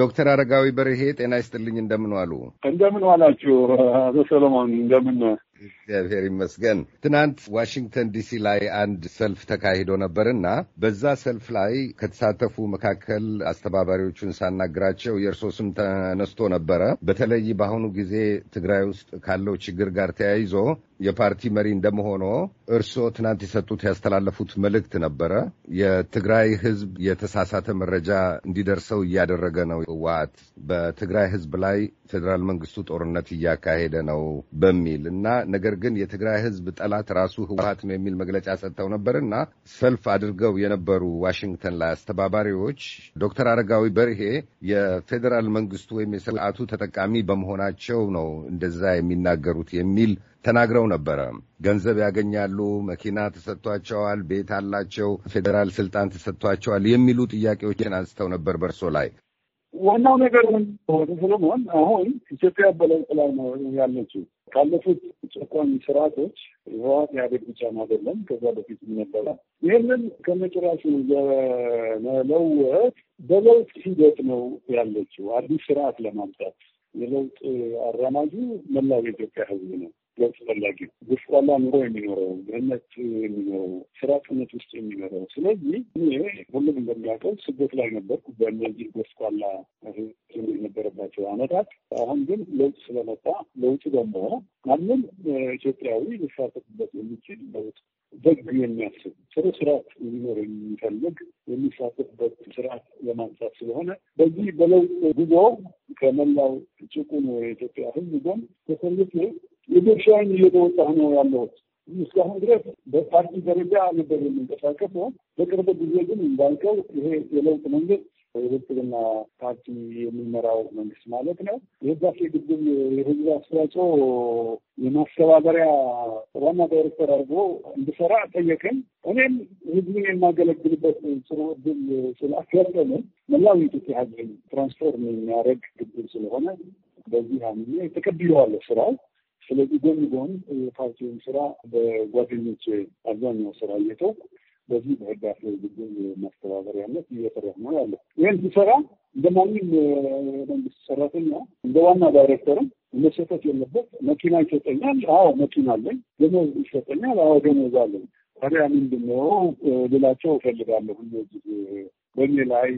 ዶክተር አረጋዊ በርሄ ጤና ይስጥልኝ። እንደምን ዋሉ? እንደምን ዋላችሁ? አቶ ሰሎሞን እንደምን እግዚአብሔር ይመስገን። ትናንት ዋሽንግተን ዲሲ ላይ አንድ ሰልፍ ተካሂዶ ነበርና በዛ ሰልፍ ላይ ከተሳተፉ መካከል አስተባባሪዎቹን ሳናግራቸው የእርሶ ስም ተነስቶ ነበረ። በተለይ በአሁኑ ጊዜ ትግራይ ውስጥ ካለው ችግር ጋር ተያይዞ የፓርቲ መሪ እንደመሆኖ እርስዎ ትናንት የሰጡት ያስተላለፉት መልእክት ነበረ። የትግራይ ሕዝብ የተሳሳተ መረጃ እንዲደርሰው እያደረገ ነው ህወሓት በትግራይ ሕዝብ ላይ ፌዴራል መንግስቱ ጦርነት እያካሄደ ነው በሚል እና ነገር ግን የትግራይ ህዝብ ጠላት ራሱ ህወሀት ነው የሚል መግለጫ ሰጥተው እና ሰልፍ አድርገው የነበሩ ዋሽንግተን ላይ አስተባባሪዎች ዶክተር አረጋዊ በርሄ የፌዴራል መንግስቱ ወይም የስርዓቱ ተጠቃሚ በመሆናቸው ነው እንደዛ የሚናገሩት የሚል ተናግረው ነበረ። ገንዘብ ያገኛሉ፣ መኪና ተሰጥቷቸዋል፣ ቤት አላቸው፣ ፌዴራል ስልጣን ተሰጥቷቸዋል የሚሉ ጥያቄዎችን አንስተው ነበር በእርሶ ላይ ዋናው ነገር ምን ሆነ ሰለሞን፣ አሁን ኢትዮጵያ በለውጥ ላይ ነው ያለችው። ካለፉት ጨቋኝ ስርዓቶች ህወሓት ኢህአዴግ ብቻ አይደለም፣ ከዛ በፊት ነበረ። ይህንን ከመጨራሹ ለመለወጥ በለውጥ ሂደት ነው ያለችው አዲስ ስርዓት ለማምጣት የለውጥ አራማጁ መላው የኢትዮጵያ ህዝብ ነው። ለውጥ ፈላጊ ጎስቋላ ኑሮ የሚኖረው ድህነት የሚኖረው ስራ አጥነት ውስጥ የሚኖረው። ስለዚህ ይሄ ሁሉም እንደሚያውቀው ስደት ላይ ነበርኩ በእነዚህ ጎስቋላ የነበረባቸው አመታት። አሁን ግን ለውጥ ስለመጣ ለውጡ ደግሞ ማንም ኢትዮጵያዊ ሊሳተፍበት የሚችል ለውጥ በግ የሚያስብ ጥሩ ስርዓት እንዲኖር የሚፈልግ የሚሳተፍበት ስርዓት ለማንሳት ስለሆነ በዚህ በለውጥ ጉዞ ከመላው ጭቁን የኢትዮጵያ ሕዝብ ጎን ተሰልፌ የድርሻዬን እየተወጣ ነው ያለሁት። እስካሁን ድረስ በፓርቲ ደረጃ ነበር የምንቀሳቀሰው። በቅርብ ጊዜ ግን እንዳልከው ይሄ የለውጥ መንግስት የብልጽግና ፓርቲ የሚመራው መንግስት ማለት ነው። የህዳሴ ግድብ የህዝብ አስተዋጽኦ የማስተባበሪያ ዋና ዳይሬክተር አድርጎ እንድሰራ ጠየቅን። እኔም ህዝብን የማገለግልበት ጥሩ እድል ስላስያጠነ መላው ኢትዮጵያ ህዝብን ትራንስፎርም የሚያደርግ ግድብ ስለሆነ በዚህ አምኜ ተቀብዬዋለሁ ስራው ስለዚህ ጎን ጎን የፓርቲውን ስራ በጓደኞች አብዛኛው ስራ እየተው በዚህ በህዳሴ ግድብ ማስተባበሪያነት እየሰራሁ ነው ያለው። ይህን ሲሰራ እንደ ማንም መንግስት ሰራተኛ እንደ ዋና ዳይሬክተርም መሰጠት የለበት መኪና ይሰጠኛል። አዎ መኪና አለኝ። ደሞዝ ይሰጠኛል። አዎ ደሞዝ አለኝ። ታዲያ ምንድነው ነው ልላቸው እፈልጋለሁ። እነዚህ በእኔ ላይ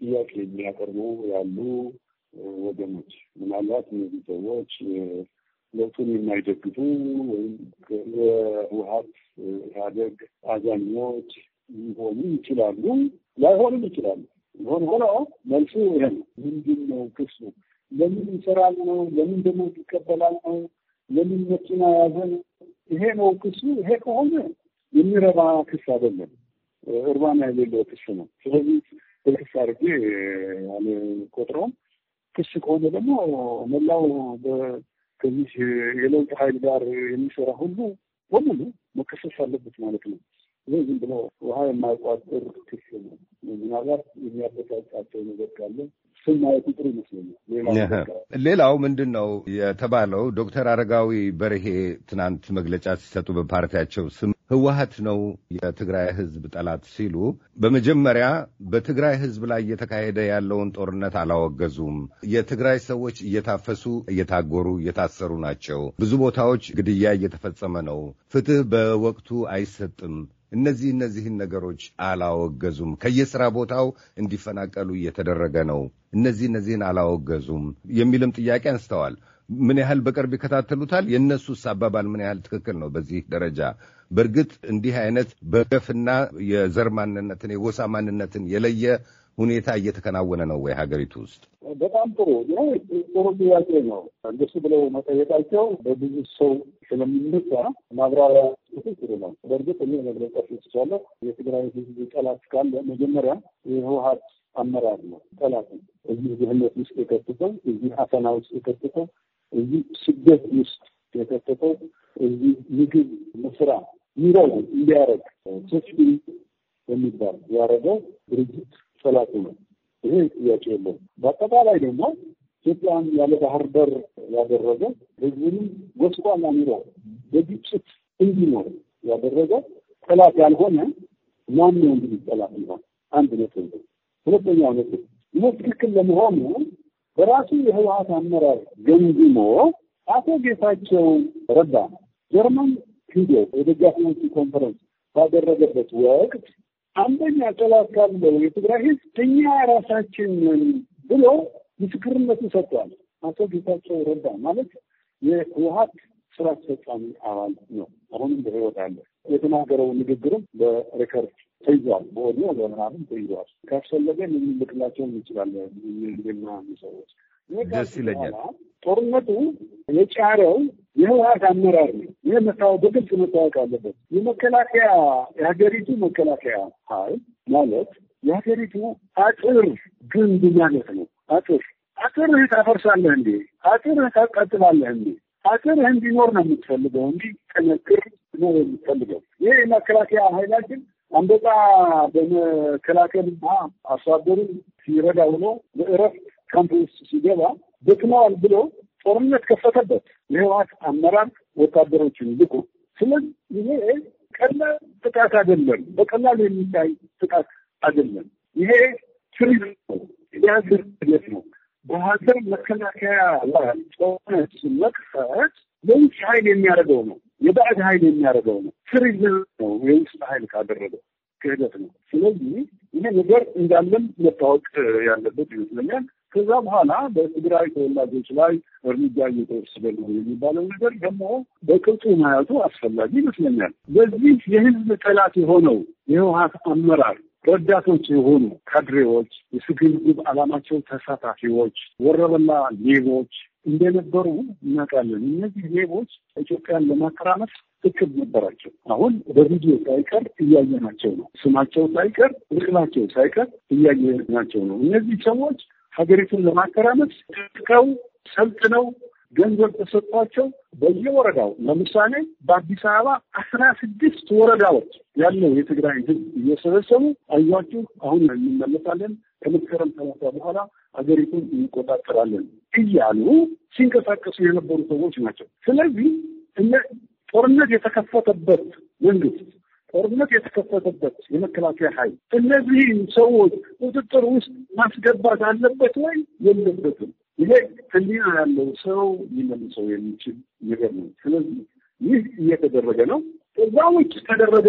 ጥያቄ የሚያቀርቡ ያሉ ወገኖች ምናልባት እነዚህ ሰዎች ለውጡን የማይደግፉ ወይም የህወሀት ኢህአደግ አዛኞች ሊሆኑ ይችላሉ፣ ላይሆንም ይችላሉ። ሆን ሆኖ መልሱ ይሄ ነው። ምንድን ነው ክሱ? ለምን ይሰራል ነው? ለምን ደግሞ ይቀበላል ነው? ለምን መኪና ያዘ ነው? ይሄ ነው ክሱ። ይሄ ከሆነ የሚረባ ክስ አይደለም፣ እርባና የሌለው ክስ ነው። ስለዚህ በክስ አድርጌ አልቆጥረውም። ክስ ከሆነ ደግሞ መላው ከዚህ የለውጥ ኃይል ጋር የሚሰራ ሁሉ በሙሉ መከሰስ አለበት ማለት ነው። ይህ ዝም ብሎ ውሃ የማይቋጥር ክስ ነው። ምናልባት የሚያበሳጫቸው ነገር ካለ እሱን ማየቱ ጥሩ ይመስለኛል። ሌላው ምንድን ነው የተባለው ዶክተር አረጋዊ በርሄ ትናንት መግለጫ ሲሰጡ በፓርቲያቸው ስም ህወሀት ነው የትግራይ ህዝብ ጠላት ሲሉ በመጀመሪያ በትግራይ ህዝብ ላይ እየተካሄደ ያለውን ጦርነት አላወገዙም። የትግራይ ሰዎች እየታፈሱ እየታጎሩ እየታሰሩ ናቸው። ብዙ ቦታዎች ግድያ እየተፈጸመ ነው። ፍትህ በወቅቱ አይሰጥም እነዚህ እነዚህን ነገሮች አላወገዙም። ከየስራ ቦታው እንዲፈናቀሉ እየተደረገ ነው። እነዚህ እነዚህን አላወገዙም የሚልም ጥያቄ አንስተዋል። ምን ያህል በቅርብ ይከታተሉታል? የእነሱስ አባባል ምን ያህል ትክክል ነው? በዚህ ደረጃ በእርግጥ እንዲህ አይነት በገፍና የዘር ማንነትን የጎሳ ማንነትን የለየ ሁኔታ እየተከናወነ ነው ወይ ሀገሪቱ ውስጥ? በጣም ጥሩ ጥሩ ጥያቄ ነው። እንደሱ ብለው መጠየቃቸው በብዙ ሰው ስለሚነሳ ማብራሪያ ጥሩ ነው። በእርግጥ እኔ መግለጫ ስቻለሁ የትግራይ ህዝብ ጠላት ካለ መጀመሪያ የህወሀት አመራር ነው ጠላት ነው። እዚህ ድህነት ውስጥ የከትተው እዚህ አፈና ውስጥ የከትተው እዚህ ስደት ውስጥ የከተተው እዚህ ምግብ ምስራ ኑሮ እንዲያደረግ ሶች የሚባል ያደረገው ድርጅት ሰላቱ ነው። ይሄ ጥያቄ የለም። በአጠቃላይ ደግሞ ኢትዮጵያን ያለ ባህር በር ያደረገ ህዝብንም ጎስቋላ ኑሮ በግጭት እንዲኖር ያደረገ ጠላት ያልሆነ ማን ነው እንግዲህ ጠላት ይሆን? አንድ ነጥብ ነው። ሁለተኛው ነጥብ ይህ ትክክል ለመሆኑ በራሱ የህወሀት አመራር ገምግሞ አቶ ጌታቸው ረዳ ጀርመን ሂዶ የደጋፊዎቹ ኮንፈረንስ ባደረገበት ወቅት አንደኛ ጠላት ካለው የትግራይ ህዝብ እኛ ራሳችን ብሎ ምስክርነቱን ሰጥቷል። አቶ ጌታቸው ረዳ ማለት የህወሀት ስራ አስፈጻሚ አባል ነው። አሁንም በህይወት አለ። የተናገረው ንግግርም በሬከርድ ተይዟል። በኦዲዮ በምናምን ተይዟል። ካስፈለገ ልንልክላቸው እንችላለን የሚልና ሰዎች ደስ ይለኛል። ጦርነቱ የጫረው የህወሀት አመራር ነው። ይህ መታወ በግልጽ መታወቅ አለበት። የመከላከያ የሀገሪቱ መከላከያ ኃይል ማለት የሀገሪቱ አጥር ግንብ ማለት ነው። አጥር አጥርህ ታፈርሳለህ እንዴ? አጥርህ ታቃጥላለህ እንዴ? አጥርህ እንዲኖር ነው የምትፈልገው፣ ጠነክር ነው የምትፈልገው። ይህ የመከላከያ ኃይላችን አንበጣ በመከላከልና አርሶ አደሩን ሲረዳ ውሎ ካምፕ ውስጥ ሲገባ ደክመዋል ብሎ ጦርነት ከፈተበት የህወሀት አመራር ወታደሮችን ልኩ ስለዚህ ይሄ ቀላል ጥቃት አይደለም፣ በቀላሉ የሚታይ ጥቃት አይደለም። ይሄ ትሪዝ ነው፣ የሀገር ነው። በሀገር መከላከያ ላይ ጦርነት መክፈት የውጭ ኃይል የሚያደርገው ነው፣ የባዕድ ኃይል የሚያደርገው ነው። ትሪዝ ነው፣ የውስጥ ኃይል ካደረገው ክህደት ነው። ስለዚህ ይሄ ነገር እንዳለም መታወቅ ያለበት ይመስለኛል። ከዛ በኋላ በትግራይ ተወላጆች ላይ እርምጃ እየተወሰደ ነው የሚባለው ነገር ደግሞ በቅጡ ማየቱ አስፈላጊ ይመስለኛል። በዚህ የህዝብ ጠላት የሆነው የህወሀት አመራር ረዳቶች የሆኑ ካድሬዎች፣ የስግብግብ አላማቸው ተሳታፊዎች፣ ወረበላ ሌቦች እንደነበሩ እናውቃለን። እነዚህ ሌቦች ኢትዮጵያን ለማከራመት እቅድ ነበራቸው። አሁን በቪዲዮ ሳይቀር እያየናቸው ነው። ስማቸው ሳይቀር፣ ምስላቸው ሳይቀር እያየናቸው ነው። እነዚህ ሰዎች ሀገሪቱን ለማከራመስ ጠቅቀው ሰልጥነው ገንዘብ ተሰጥቷቸው በየወረዳው ለምሳሌ በአዲስ አበባ አስራ ስድስት ወረዳዎች ያለው የትግራይ ህዝብ እየሰበሰቡ አያችሁ አሁን እንመለሳለን ከመስከረም ተሞታ በኋላ ሀገሪቱን እንቆጣጠራለን እያሉ ሲንቀሳቀሱ የነበሩ ሰዎች ናቸው። ስለዚህ ጦርነት የተከፈተበት መንግስት ጦርነት የተከፈተበት የመከላከያ ኃይል እነዚህም ሰዎች ቁጥጥር ውስጥ ማስገባት አለበት ወይ የለበትም? ይሄ ህሊና ያለው ሰው ሊመልሰው የሚችል ነገር ነው። ስለዚህ ይህ እየተደረገ ነው። እዛ ውጭ ተደረገ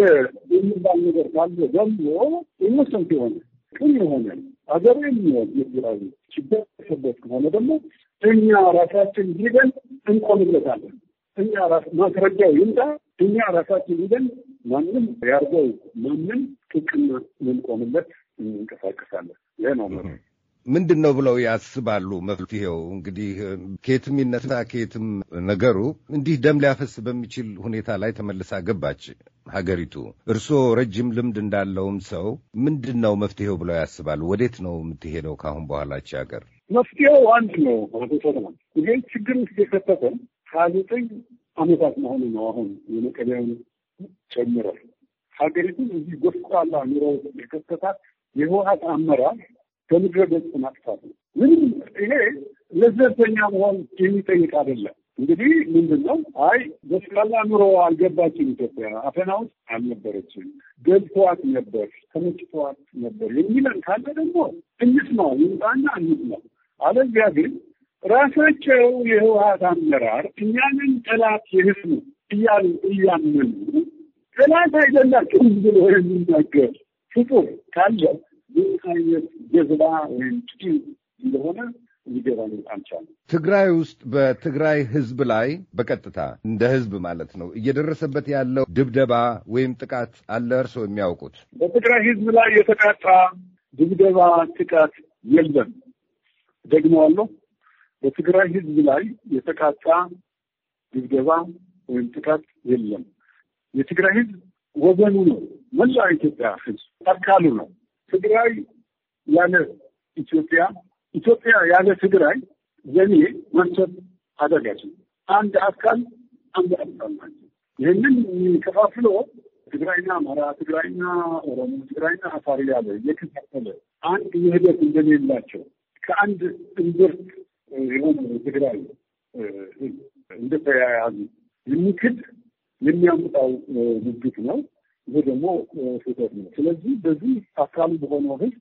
የሚባል ነገር ካለ ደግሞ ኢኖሰንት የሆነ ቅን የሆነ አገር የሚሆን የብራዊ ችግር ተሰበት ከሆነ ደግሞ እኛ ራሳችን ሂደን እንቆምለታለን። እኛ ማስረጃው ይምጣ፣ እኛ ራሳችን ሂደን ማንም ያርገው ማንም ጥቅም ልንቆምለት እንንቀሳቀሳለን። ይህ ነው ምንድን ነው ብለው ያስባሉ? መፍትሄው እንግዲህ ከየትም ይነሳ ከየትም ነገሩ እንዲህ ደም ሊያፈስ በሚችል ሁኔታ ላይ ተመልሳ ገባች ሀገሪቱ። እርስዎ ረጅም ልምድ እንዳለውም ሰው ምንድን ነው መፍትሄው ብለው ያስባሉ? ወዴት ነው የምትሄደው ከአሁን በኋላች ሀገር? መፍትሄው አንድ ነው። ይሄ ችግር ውስጥ የከተተን ሀያ ዘጠኝ አመታት መሆኑ ነው። አሁን የመቀሌውን ጨምሯል። ሀገሪቱ እዚህ ጎስቋላ ኑሮ ውስጥ የከተታት የህወሀት አመራር ከምድረ ገጽ ማጥፋት ነው። ምንም ይሄ ለዘበኛ መሆን የሚጠይቅ አይደለም። እንግዲህ ምንድን ነው አይ ጎስቋላ ኑሮ አልገባችም፣ ኢትዮጵያ አፈና ውስጥ አልነበረችም፣ ገብተዋት ነበር፣ ተመችተዋት ነበር የሚለን ካለ ደግሞ እንስማው፣ ይምጣና እንስማው። አለዚያ ግን ራሳቸው የህወሀት አመራር እኛንን ጠላት የህዝብ እያሉ እያመኑ ጥላት አይደላቸው ብሎ የሚናገር ፍጡር ካለ ምን አይነት ጀዝባ ወይም ጭ እንደሆነ ሊገባኝ ትግራይ ውስጥ በትግራይ ህዝብ ላይ በቀጥታ እንደ ህዝብ ማለት ነው እየደረሰበት ያለው ድብደባ ወይም ጥቃት አለ? እርስዎ የሚያውቁት በትግራይ ህዝብ ላይ የተቃጣ ድብደባ ጥቃት የለም። ደግመዋለሁ፣ በትግራይ ህዝብ ላይ የተቃጣ ድብደባ ወይም ጥቃት የለም። የትግራይ ህዝብ ወገኑ ነው። መላ ኢትዮጵያ ህዝብ አካሉ ነው። ትግራይ ያለ ኢትዮጵያ፣ ኢትዮጵያ ያለ ትግራይ ለኔ መሰብ አደጋች አንድ አካል አንድ አካል ናቸው። ይህንን የሚከፋፍሎ ትግራይና አማራ፣ ትግራይና ኦሮሞ፣ ትግራይና አፋር ያለ የከፋፈለ አንድ ውህደት እንደሌላቸው ከአንድ እንብርት የሆነ ትግራይ እንደተያያዙ የሚክድ የሚያመጣው ውግት ነው። ይሄ ደግሞ ስህተት ነው። ስለዚህ በዚህ አካሉ በሆነው ህዝብ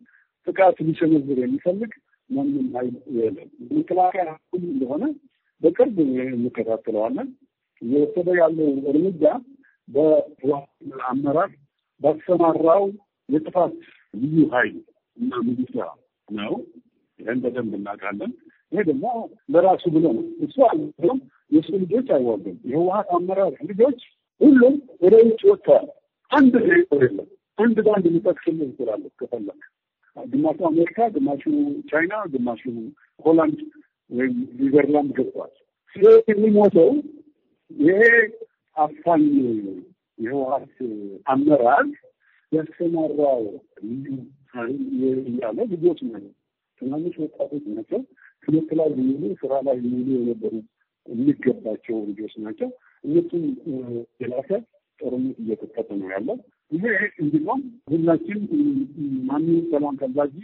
ጥቃት ሊሸመዝር የሚፈልግ ማንም ኃይል የለም። መከላከያ ሁሉ እንደሆነ በቅርብ እንከታተለዋለን። የወሰደ ያለው እርምጃ በህወሓት አመራር ባሰማራው የጥፋት ልዩ ኃይል እና ሚሊሻ ነው። ይህን በደንብ እናውቃለን። ይሄ ደግሞ ለራሱ ብሎ ነው እሱ አለም የሱ ልጆች አይዋጉም። የህወሀት አመራር ልጆች ሁሉም ወደ ውጭ ወጥተዋል። አንድ ሰው የለም። አንድ በአንድ ሊጠቅስል ይችላሉ ከፈለግ ግማሹ አሜሪካ፣ ግማሹ ቻይና፣ ግማሹ ሆላንድ ወይም ኒዘርላንድ ገብቷል። ስለዚህ የሚሞተው ይሄ አፋኝ የህወሀት አመራር ያሰማራው እያለ ልጆች ነው ትናንሽ ወጣቶች ናቸው። ትምህርት ላይ የሚሉ ስራ ላይ የሚሉ የነበሩ የሚገባቸው ልጆች ናቸው። እነሱም የላከ ጦርነት እየተከተ ነው ያለው። ይሄ እንዲቆም ሁላችን ማንም ሰላም ፈላጊ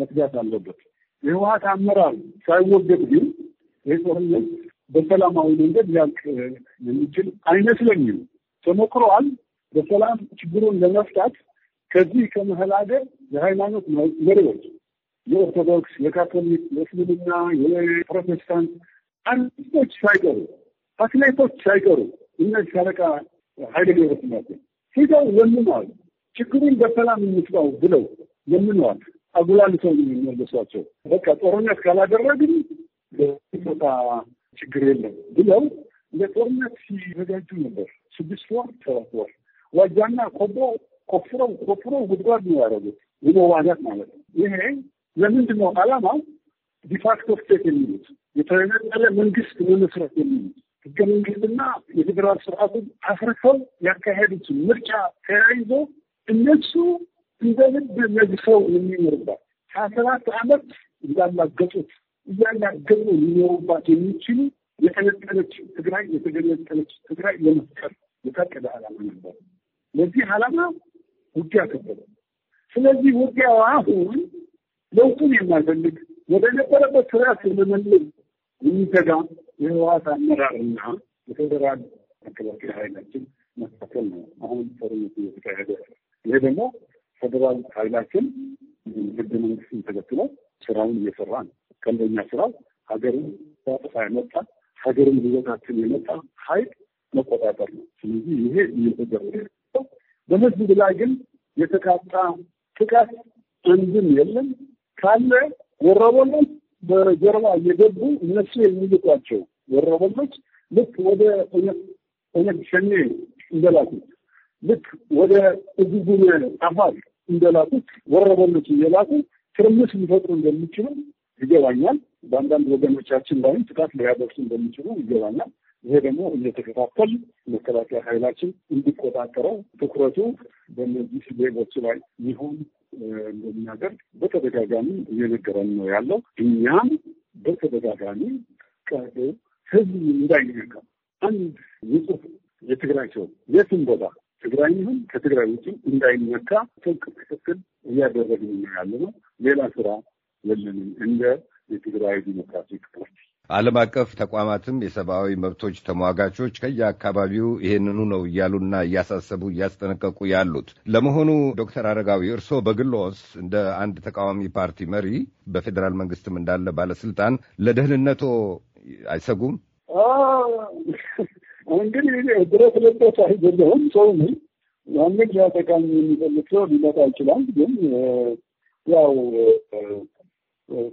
መስጋት አለበት። የህወሀት አመራር ሳይወገድ ግን ይህ ጦርነት በሰላማዊ መንገድ ሊያልቅ የሚችል አይመስለኝም። ተሞክሯል። በሰላም ችግሩን ለመፍታት ከዚህ ከመሀል ሀገር የሃይማኖት መሪዎች የኦርቶዶክስ፣ የካቶሊክ፣ የእስልምና፣ የፕሮቴስታንት አንዲቶች ሳይቀሩ አትሌቶች ሳይቀሩ እነዚህ ሻለቃ ኃይለ ገብረት ናቸው ሂደው ለምነዋል። ችግሩን በሰላም እንፍታው ብለው ለምነዋል። አጉላልተው ነው የሚመለሷቸው። በቃ ጦርነት ካላደረግን ቦታ ችግር የለም ብለው ለጦርነት ሲዘጋጁ ነበር። ስድስት ወር ሰባት ወር ዋጃና ኮቦ ቆፍረው ቆፍረው ጉድጓድ ነው ያደረጉት። የመዋጋት ማለት ነው። ይሄ ለምንድን ነው ዓላማው ዲፋክቶ ስቴት የሚሉት የተነጠለ መንግስት መመስረት የሚል ህገ መንግስትና የፌዴራል ስርዓቱን አፍርሰው ያካሄዱት ምርጫ ተያይዞ እነሱ እንደ ልብ ነግሰው የሚኖሩባት ሀያ ሰባት ዓመት እንዳላገጡት እያላገጡ ሊኖሩባት የሚችሉ የተነጠለች ትግራይ የተገነጠለች ትግራይ ለመፍጠር የታቀደ ዓላማ ነበር። ለዚህ ዓላማ ውጊያ ከበደ። ስለዚህ ውጊያው አሁን ለውጡን የማይፈልግ ወደ ነበረበት ስርዓት የመመለስ የሚተጋ የህወሀት አመራርና የፌዴራል መከላከያ ኃይላችን መካከል ነው አሁን ጦርነት እየተካሄደ ይሄ ደግሞ ፌዴራል ኃይላችን ህገ መንግስትን ተከትሎ ስራውን እየሰራ ነው። ቀንደኛ ስራው ሀገርን ጠጥፋ የመጣ ሀገርን ህይወታችን የመጣ ሀይል መቆጣጠር ነው። ስለዚህ ይሄ እየተደረገ በህዝብ ላይ ግን የተቃጣ ጥቃት አንድም የለም ካለ ወረበሎች በጀርባ እየገቡ እነሱ የሚልቋቸው ወረበሎች ልክ ወደ ኦነግ ሸኔ እንደላኩት ልክ ወደ እጉጉመ አፋር እንደላኩት ወረበሎች እየላኩ ትርምስ ሊፈጥሩ እንደሚችሉ ይገባኛል። በአንዳንድ ወገኖቻችን ላይም ጥቃት ሊያደርሱ እንደሚችሉ ይገባኛል። ይሄ ደግሞ እየተከታተል መከላከያ ኃይላችን እንዲቆጣጠረው ትኩረቱ በእነዚህ ሌቦች ላይ ይሁን እንደሚያደርግ በተደጋጋሚ እየነገረን ነው ያለው። እኛም በተደጋጋሚ ቀዶ ህዝብ እንዳይነካ አንድ ንጹህ የትግራይ ሰው የትም ቦታ ትግራይ ይሁን ከትግራይ ውጭ እንዳይነካ ጥብቅ ክትትል እያደረግን ነው ያለ ነው። ሌላ ስራ የለንም እንደ የትግራይ ዲሞክራቲክ ፓርቲ ዓለም አቀፍ ተቋማትም የሰብአዊ መብቶች ተሟጋቾች ከየአካባቢው ይህንኑ ነው እያሉና እያሳሰቡ እያስጠነቀቁ ያሉት። ለመሆኑ ዶክተር አረጋዊ እርስዎ በግሎስ እንደ አንድ ተቃዋሚ ፓርቲ መሪ፣ በፌዴራል መንግስትም እንዳለ ባለስልጣን ለደህንነቶ አይሰጉም? እንግዲህ ብረት ለበት አይደለሁም። ሰው ማንም ሊያጠቃኝ የሚፈልግ ሰው ሊመጣ ይችላል። ግን ያው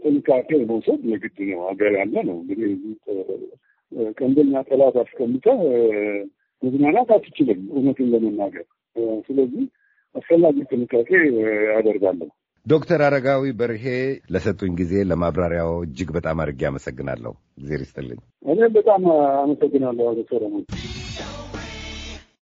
ጥንቃቄ መውሰድ የግድ ነው። ሀገር ያለ ነው እንግዲህ ቀንደኛ ጠላት አስቀምጠህ መዝናናት አትችልም፣ እውነትን ለመናገር ስለዚህ አስፈላጊ ጥንቃቄ አደርጋለሁ። ዶክተር አረጋዊ በርሄ ለሰጡኝ ጊዜ ለማብራሪያው እጅግ በጣም አድርጌ አመሰግናለሁ። እግዜር ይስጥልኝ። እኔም በጣም አመሰግናለሁ አቶ ሰለሞን።